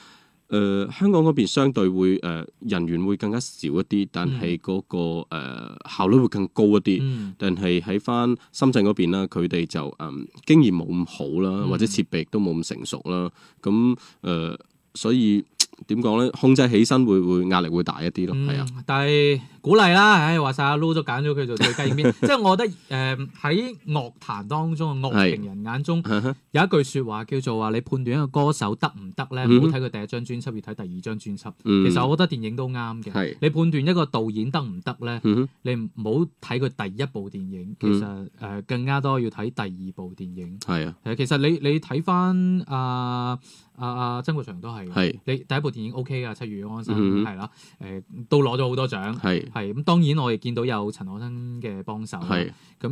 呃、香港嗰邊相對會誒、呃、人員會更加少一啲，但係嗰、嗰個誒、呃、效率會更高一啲。但係喺翻深圳嗰邊啦，佢哋就誒經驗冇咁好啦，或者設備都冇咁成熟啦，咁誒、嗯呃、所以。點講咧？控制起身會會壓力會大一啲咯，係、嗯、啊。但係鼓勵啦，唉、哎，話晒阿 Lu 都揀咗佢做最佳影片， 即係我覺得誒喺樂壇當中嘅樂評人眼中， 有一句說話叫做話你判斷一個歌手得唔得咧，唔好睇佢第一張專輯，要睇第二張專輯。嗯、其實我覺得電影都啱嘅。是你判斷一個導演得唔得咧？嗯、你唔好睇佢第一部電影，其實誒、呃、更加多要睇第二部電影。係、呃、啊，誒、呃，其實你你睇翻阿。呃呃阿阿、啊、曾國祥都係是你第一部電影 O K 嘅，《七月與安生》係啦、嗯哼，誒、呃、都攞咗好多獎，係咁是當然我亦見到有陳可辛嘅幫手，咁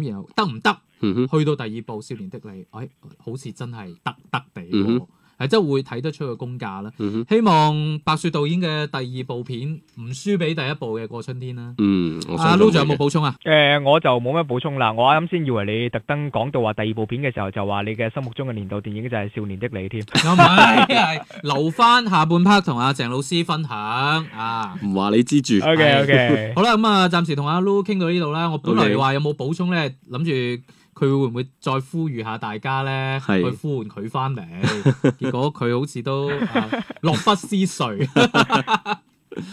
是然後得唔得？行行嗯、哼去到第二部《少年的你》，哎，好似真係得得地喎。係，即係會睇得出個公價啦。嗯、哼希望白雪導演嘅第二部片唔輸俾第一部嘅《過春天》啦。嗯，阿 Lu、啊、有冇補充啊？誒、呃，我就冇咩補充啦。我啱先以為你特登講到話第二部片嘅時候，就話你嘅心目中嘅年度電影就係《少年的你》添。唔留翻下半 part 同阿鄭老師分享啊。唔話你知住。OK OK 好。好啦，咁啊，暫時同阿 Lu 傾到呢度啦。我本嚟話有冇補充咧，諗住。佢會唔會再呼籲下大家咧，是去呼喚佢翻嚟？ 結果佢好似都樂、 啊、不思蜀。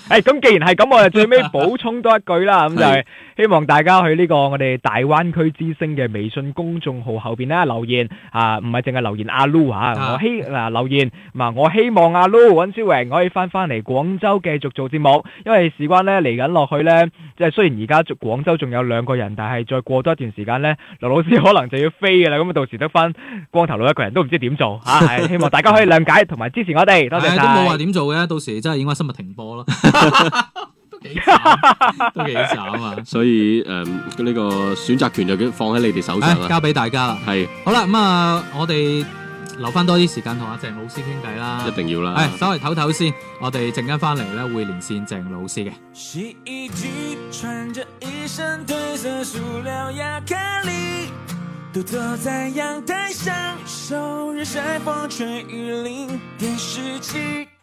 誒，咁既然係咁，我哋最尾補充多一句啦，咁就希望大家去呢個我哋大灣區之聲嘅微信公眾號後邊咧留言啊，唔係淨係留言阿 Lu 啊，我希嗱留言，嗱我希望阿 Lu 揾超榮可以翻翻嚟廣州繼續做節目，因為事關咧嚟緊落去咧，即係雖然而家廣州仲有兩個人，但係再過多一段時間咧，劉老師可能就要飛噶啦，咁啊到時得翻光頭佬一個人都唔知點做吓，希望大家可以諒解同埋支持我哋，多謝晒。都冇話點做嘅，到時真係應該新聞停播咯。 都幾慘，都幾慘啊！ 所以誒，呢、呃這個選擇權就已經放喺你哋手上啦，交俾大家啦。係，好啦，咁啊，我哋留翻多啲時間同阿鄭老師傾偈啦，一定要啦。係、哎，稍為唞唞先，我哋陣間翻嚟咧會連線鄭老師嘅。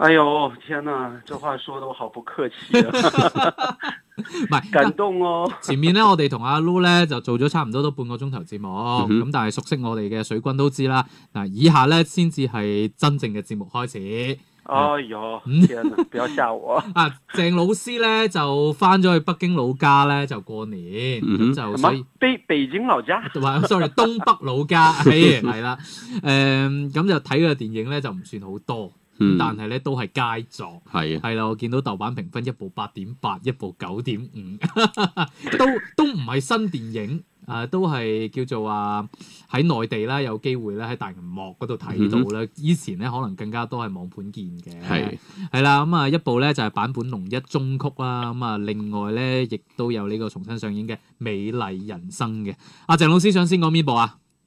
哎呦天啊，這話說得我好不客氣啊！唔 係感動哦，前面咧我哋同阿 Lu 咧就做咗差唔多都半個鐘頭節目，咁、 嗯、哼但係熟悉我哋嘅水軍都知啦嗱，以下咧先至係真正嘅節目開始。哎呦天呐， 不要嚇我啊！鄭老師咧就翻咗去北京老家咧就過年，咁就、嗯、哼所以北北京老家，唔係 sorry 東北老家係係啦，誒咁就睇嘅電影咧就唔算好多。但係咧都係佳作，係啊的，啦，我見到豆瓣評分一部八點八，一部九點五，都都唔係新電影，誒、呃、都係叫做話、啊、喺內地咧有機會咧喺大銀幕嗰度睇到咧，嗯、哼以前咧可能更加多係網盤見嘅，係係啦，咁啊、嗯、一部咧就係、是、坂本龍一終曲啦，咁、嗯、啊另外咧亦都有呢個重新上映嘅美麗人生嘅，阿、啊、鄭老師想先講邊部啊？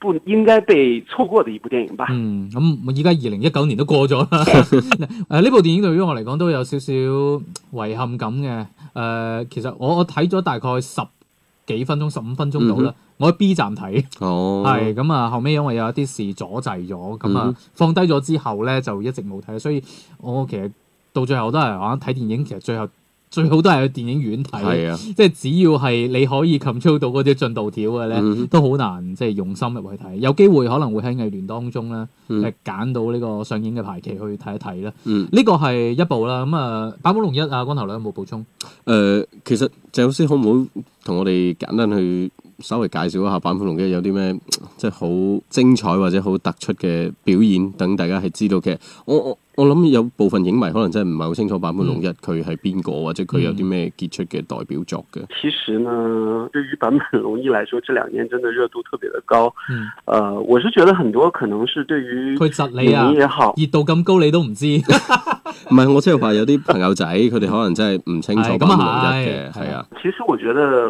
不應該被錯過的一部電影吧？嗯，咁我依家二零一九年都過咗啦。誒，呢部電影對於我嚟講都有少少遺憾感嘅。誒、呃，其實我我睇咗大概十幾分鐘、十五、mm hmm. 分鐘到啦。我喺 B 站睇，哦、oh.，係咁啊，後尾因為有一啲事阻滯咗，咁啊、mm hmm. 放低咗之後咧，就一直冇睇，所以我其實到最後都係話睇電影，其實最後。最好都係去電影院睇，啊、即係只要係你可以 control 到嗰啲進度條嘅咧，嗯、哼都好難即係用心入去睇。有機會可能會喺藝聯當中咧，誒揀、嗯、到呢個上映嘅排期去睇一睇啦。呢個係一部啦，咁、嗯、啊《百寶龍一》啊，光頭女有冇補充？誒、呃，其實鄭老師好唔好？同我哋簡單去稍微介紹一下，《版本龍一》有啲咩，即係好精彩或者好突出嘅表演，等大家係知道嘅。我我我諗有部分影迷可能真係唔係好清楚《版本龍一》佢係邊個，或者佢有啲咩傑出嘅代表作嘅。其實呢，對於版本龍一來說，這兩年真係熱度特別的高。嗯。Uh, 我是覺得很多可能是對於佢實力啊也好，熱度咁高你都唔知。唔 係，我即係話有啲朋友仔，佢哋 可能真係唔清楚版本龍一嘅，係啊。的 其實我覺得。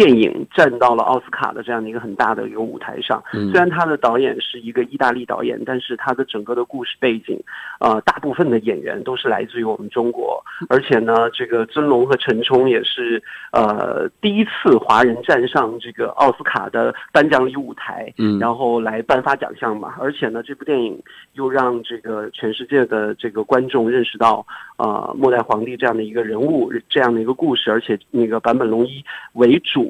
電影站到了奧斯卡的這樣的一個很大的一個舞台上，雖然他的導演是一個意大利導演，但是他的整個的故事背景，啊、呃、大部分的演員都是來自於我們中國，而且呢，這個尊龍和陳沖也是，呃第一次華人站上這個奧斯卡的頒獎禮舞台，然後來頒發獎項嘛，而且呢，這部電影又讓這個全世界的這個觀眾認識到，啊、呃、末代皇帝這樣的一個人物，這樣的一個故事，而且那個坂本龍一為主。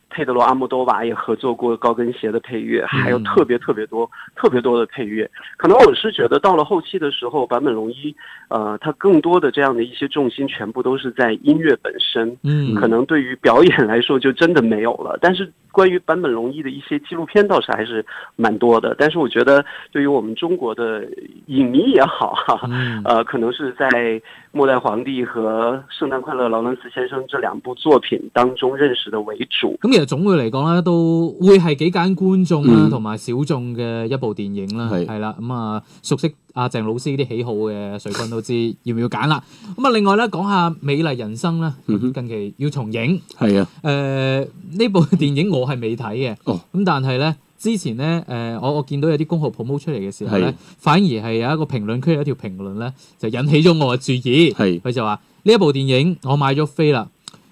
佩德羅·阿莫多瓦也合作過高跟鞋的配樂，嗯、還有特別特別多、特別多的配樂。可能我是覺得到了後期的時候，坂本龍一，呃，他更多的這樣的一些重心全部都是在音樂本身。嗯，可能對於表演來說就真的沒有了。但是關於坂本龍一的一些紀錄片倒是還是蠻多的。但是我覺得對於我們中國的影迷也好，哈、啊，呃，可能是在《末代皇帝》和《聖誕快樂，勞倫斯先生》這兩部作品當中認識的為主。嗯總嘅嚟講咧，都會係幾揀觀眾啦，同埋小眾嘅一部電影啦，係啦、嗯，咁啊、嗯、熟悉阿鄭老師啲喜好嘅水軍都知要唔要揀啦？咁、嗯、啊，另外咧，講下《美麗人生》咧、嗯哼，近期要重映。係啊是的、呃，誒呢部電影我係未睇嘅，咁、哦、但係咧之前咧，誒我我見到有啲公號 promote 出嚟嘅時候咧，是的 反而係有一個評論區有一條評論咧，就引起咗我嘅注意，佢是的 就話呢一部電影我買咗飛啦。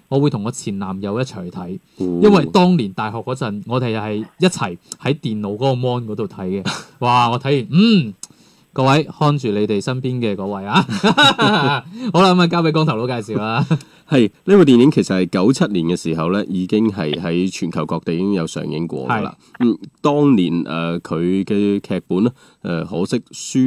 我會同我前男友一齊去睇，因為當年大學嗰陣，我哋又係一齊喺電腦嗰個 mon 嗰度睇嘅。哇！我睇完，嗯，各位看住你哋身邊嘅嗰位啊， 好啦，咁啊交俾光頭佬介紹啦。 係呢部電影其實係九七年嘅時候咧，已經係喺全球各地已經有上映過噶啦。是嗯，當年誒佢嘅劇本咧，誒、呃、可惜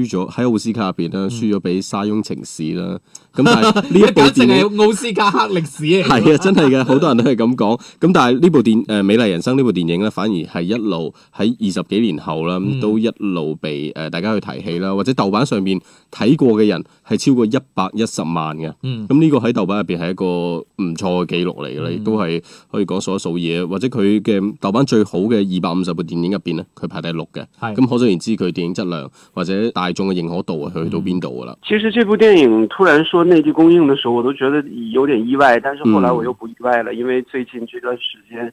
輸咗喺奧斯卡入邊啦，輸咗俾《沙翁情史》啦。咁但係呢一部電影係奧 斯卡黑歷史啊！係啊，真係噶，好多人都係咁講。咁 但係呢部電誒、呃《美麗人生》呢部電影咧，反而係一路喺二十幾年後啦，嗯、都一路被誒、呃、大家去提起啦，或者豆瓣上面睇過嘅人。係超過一百一十萬嘅，咁呢、嗯、個喺豆瓣入邊係一個唔錯嘅記錄嚟嘅啦，亦、嗯、都係可以講數一數二。或者佢嘅豆瓣最好嘅二百五十部電影入邊咧，佢排第六嘅，咁是可想而知佢電影質量或者大眾嘅認可度係去到邊度噶啦。其實這部電影突然說內地公映嘅時候，我都覺得有點意外，但是後來我又不意外了，因為最近這段時間，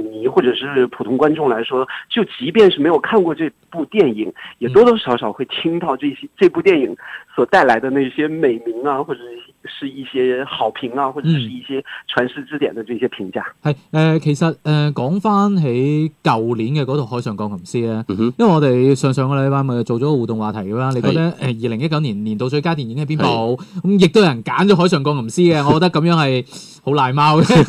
你或者是普通觀眾來說，就即便是沒有看過這部電影，也多多少少會聽到這些這部電影，所帶來的那些美名啊，或者是一些好評啊，或者是一些傳世之典的這些評價、嗯喲。係誒，其實誒，講翻起舊年嘅嗰套《海上鋼琴師》咧、嗯哼，因為我哋上上個禮拜咪做咗個互動話題噶啦，你覺得誒，二零一九年年度最佳電影係邊部？咁亦都有人揀咗《海上鋼琴師》嘅，我覺得咁樣係好賴貓嘅。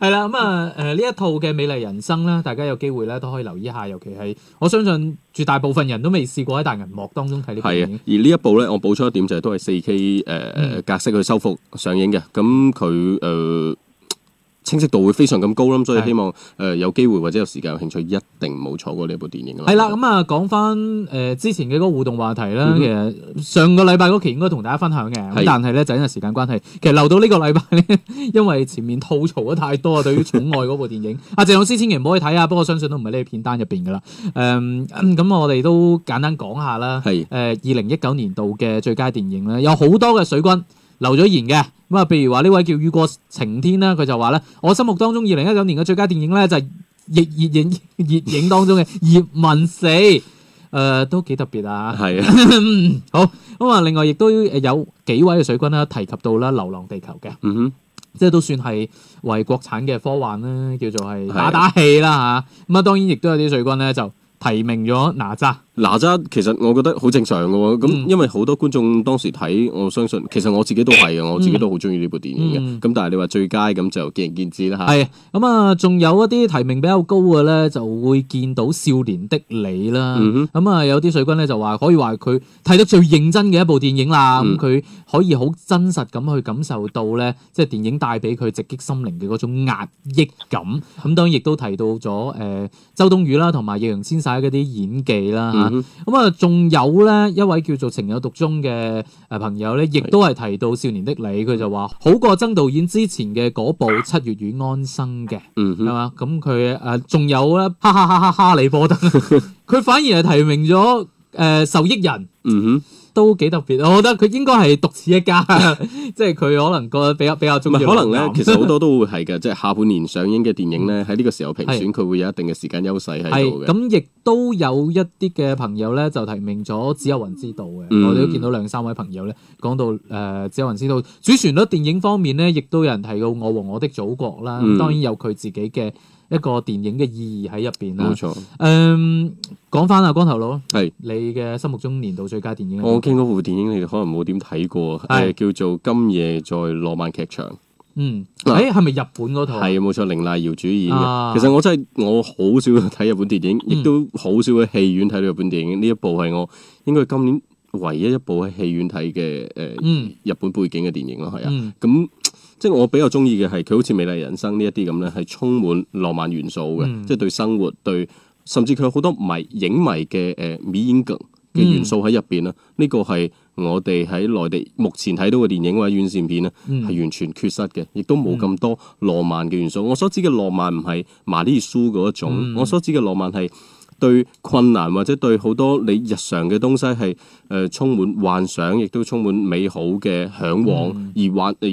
係 啦，咁、嗯呃、吧啊，誒，呢一套嘅《美麗人生》咧，大家有機會咧都可以留意下，尤其係我相信。絕大部分人都未試過喺大銀幕當中睇呢部電影，而呢一部咧，我補充一點就係都係 4K 誒、呃嗯、格式去修復上映嘅，咁佢誒。呃清晰度會非常咁高啦，所以希望誒是的、呃、有機會或者有時間、有興趣，一定冇錯過呢部電影啦。係啦對吧，咁啊講翻誒之前嘅嗰個互動話題咧，嗯、其實上個禮拜嗰期應該同大家分享嘅，是的 但係咧就因為時間關係，其實留到呢個禮拜咧，因為前面吐槽咗太多啊，對於寵愛嗰部電影，阿、 啊、鄭老師千祈唔好去睇啊！不過相信都唔係呢個片單入邊噶啦。誒、嗯、咁，我哋都簡單講下啦。係誒二零一九年度嘅最佳電影咧，有好多嘅水軍。留咗言嘅咁啊，譬如話呢位叫雨過晴天啦，佢就話咧，我心目當中二零一九年嘅最佳電影咧就係《熱影熱影》當中嘅、 呃《葉問四》，誒都幾特別啊！係啊的， 好咁啊，另外亦都有幾位嘅水軍啦提及到啦《流浪地球》嘅、嗯哼，即係都算係為國產嘅科幻啦，叫做係打打氣啦吓。咁的啊，當然亦都有啲水軍咧就提名咗《哪吒》。哪吒其實我覺得好正常嘅喎，咁因為好多觀眾當時睇，嗯、我相信其實我自己都係嘅，我自己都好中意呢部電影嘅。咁、嗯、但係你話最佳咁就見仁見智啦嚇。係，咁啊仲有一啲提名比較高嘅咧，就會見到少年的你啦。咁啊、嗯、哼有啲水軍咧就話可以話佢睇得最認真嘅一部電影啦。咁佢、嗯、可以好真實咁去感受到咧，即、就、係、是、電影帶俾佢直擊心靈嘅嗰種壓抑感。咁當然亦都提到咗誒周冬雨啦，同埋楊千嬅嗰啲演技啦。嗯咁啊，仲、嗯、有咧一位叫做情有獨鍾嘅誒朋友咧，亦都係提到少年的你，佢就話好過曾導演之前嘅嗰部七月與安生嘅，嗯哼。係嘛？咁佢誒仲有咧，哈哈哈哈哈！哈利波特，佢反而係提名咗誒受益人。嗯哼。都幾特別，我覺得佢應該係獨此一家， 即係佢可能覺得比較比較重要。可能咧呢， 其實好多都會係嘅，即係下半年上映嘅電影咧，喺呢個時候評選，佢 會有一定嘅時間優勢喺度嘅。咁亦都有一啲嘅朋友咧，就提名咗《只有雲知道》嘅，嗯、我哋都見到兩三位朋友咧講到誒《只、呃、有雲知道》主。主旋律電影方面咧，亦都有人提到《我和我的祖國》啦，當然有佢自己嘅一個電影嘅意義喺入邊啦。冇錯錯。嗯，講翻啊，光頭佬，係是你嘅心目中年度最佳電影。我傾嗰部電影你哋可能冇點睇過，誒是、呃，叫做《今夜在浪漫劇場》。嗯，誒，係咪日本嗰套？係冇錯，綾瀨遙主演嘅。啊、其實我真係我好少睇日本電影，亦、嗯、都好少喺戲院睇到日本電影。呢一部係我應該係今年唯一一部喺戲院睇嘅誒，日本背景嘅電影咯，係啊。咁。即係我比較中意嘅係佢好似《美麗人生》呢一啲咁咧，係充滿浪漫元素嘅，嗯、即係對生活對，甚至佢有好多迷影迷嘅誒米影劇嘅元素喺入邊啦。呢、嗯、個係我哋喺內地目前睇到嘅電影或者院線片咧，係、嗯、完全缺失嘅，亦都冇咁多浪漫嘅元素。嗯、我所指嘅浪漫唔係瑪麗蘇嗰種，嗯、我所指嘅浪漫係。對困難或者對好多你日常嘅東西係誒、呃、充滿幻想，亦都充滿美好嘅向往，嗯、而幻誒而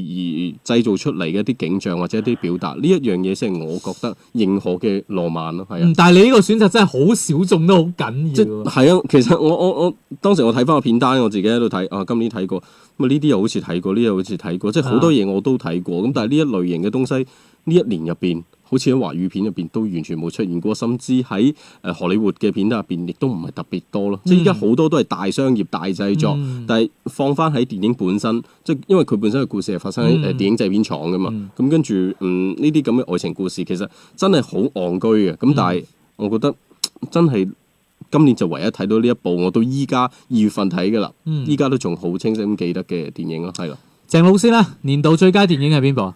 製造出嚟嘅一啲景象或者一啲表達，呢一樣嘢先係我覺得認可嘅浪漫咯，係啊。嗯、但係你呢個選擇真係好小眾都好緊要。即係係啊，其實我我我當時我睇翻個片單，我自己喺度睇啊，今年睇過咁啊呢啲又好似睇過，呢又好似睇過，即係好多嘢我都睇過，咁、嗯、但係呢一類型嘅東西呢一年入邊。好似喺華語片入邊都完全冇出現過，甚至喺誒荷里活嘅片入邊，亦都唔係特別多咯。即係依家好多都係大商業、大製作，但係放翻喺電影本身，即係因為佢本身嘅故事係發生喺誒電影製片廠噶嘛。咁跟住，嗯，呢啲咁嘅愛情故事其實真係好戇居嘅。咁但係，我覺得真係今年就唯一睇到呢一部，我到依家二月份睇噶啦，依家都仲好清晰咁記得嘅電影咯，係咯。鄭老師啦，年度最佳電影係邊部啊？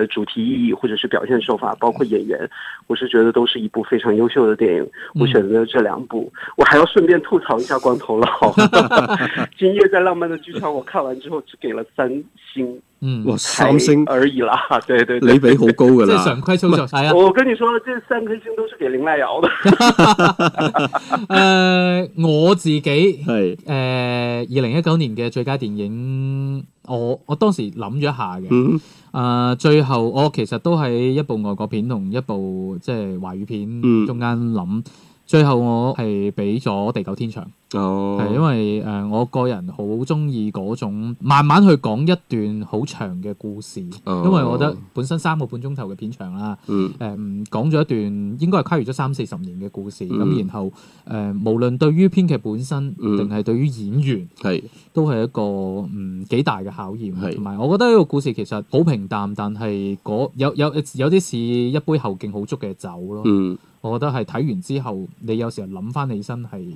主題意義或者是表現手法，包括演員，我是覺得都是一部非常優秀的電影。我選擇了這兩部，我還要順便吐槽一下光頭佬。 今夜在浪漫的劇場，我看完之後只給了三星，嗯，三星而已啦，對對，對，你比好高嘅， 即係常規操作是、啊、我跟你說，這三顆星都是給林賴瑤的、 呃。我自己係二零一九年嘅最佳電影，我我當時諗咗下嘅。 啊！Uh, 最後我其實都喺一部外國片同一部即係、就是、華語片中間諗，嗯、最後我係俾咗《地久天長》。哦，oh. 係因為誒、呃，我個人好中意嗰種慢慢去講一段好長嘅故事，oh. 因為我覺得本身三個半鐘頭嘅片長啦，誒、mm. 呃、講咗一段應該係跨越咗三四十年嘅故事，咁、mm. 然後誒、呃，無論對於編劇本身定係、mm. 對於演員，是都係一個嗯幾大嘅考驗，同埋是我覺得呢個故事其實好平淡，但係嗰有有有啲似一杯後勁好足嘅酒咯，mm. 我覺得係睇完之後，你有時候諗翻起身係。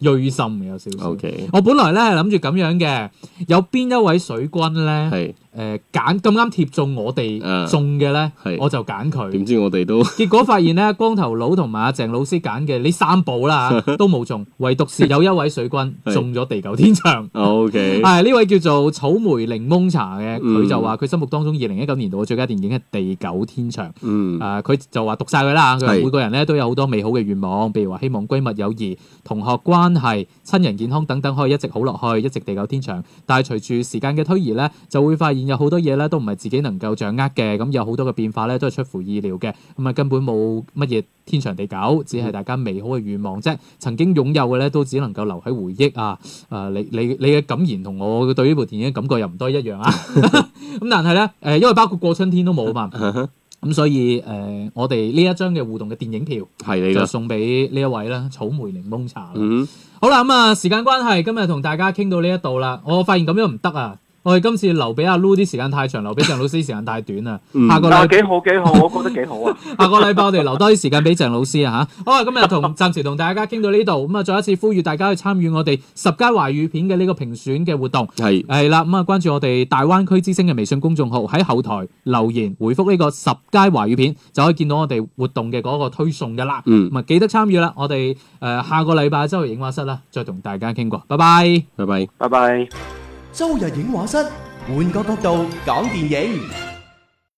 鋭心有少少，我本來咧係諗住咁樣嘅，有邊一位水軍咧？係誒揀咁啱貼中我哋中嘅咧，我就揀佢。點知我哋都結果發現咧，光頭佬同埋阿鄭老師揀嘅呢三部啦都冇中，唯獨是有一位水軍中咗《地久天長》。O K，係呢位叫做草莓檸檬茶嘅，佢就話佢心目當中二零一九年度嘅最佳電影係《地久天長》。啊佢就話讀晒佢啦嚇，佢話每個人咧都有好多美好嘅願望，譬如話希望閨蜜友誼、同學關關係、親人健康等等，可以一直好落去，一直地久天長。但係隨住時間嘅推移咧，就會發現有好多嘢咧都唔係自己能夠掌握嘅，咁有好多嘅變化咧都係出乎意料嘅，咁啊根本冇乜嘢天長地久，只係大家美好嘅願望啫。即曾經擁有嘅咧都只能夠留喺回憶啊。誒、啊，你你你嘅感言同我對呢部電影嘅感覺又唔多一樣啊。咁 但係咧，誒，因為包括過春天都冇啊嘛。 咁、嗯、所以誒、呃，我哋呢一張嘅互動嘅電影票就送俾呢一位啦，草莓檸檬茶。嗯、哼好啦，咁、嗯、啊，時間關係，今日同大家傾到呢一度啦。我發現咁樣唔得啊！我哋今次留俾阿 Lu 啲時間太長，留俾鄭老師時間太短啦。嗯、下個禮拜幾好幾好，我覺得幾好啊！ 下個禮拜我哋留多啲時間俾鄭老師啊，吓！好，今日同暫時同大家傾到呢度，咁啊再一次呼籲大家去參與我哋十佳華語片嘅呢個評選嘅活動。係係啦，咁啊關注我哋大灣區之星嘅微信公眾號，喺後台留言回覆呢個十佳華語片，就可以見到我哋活動嘅嗰個推送噶啦。咁啊、嗯、記得參與啦，我哋誒下個禮拜周日影畫室啦，再同大家傾過，拜，拜拜，拜拜。拜拜周日影畫室，換個角度講電影。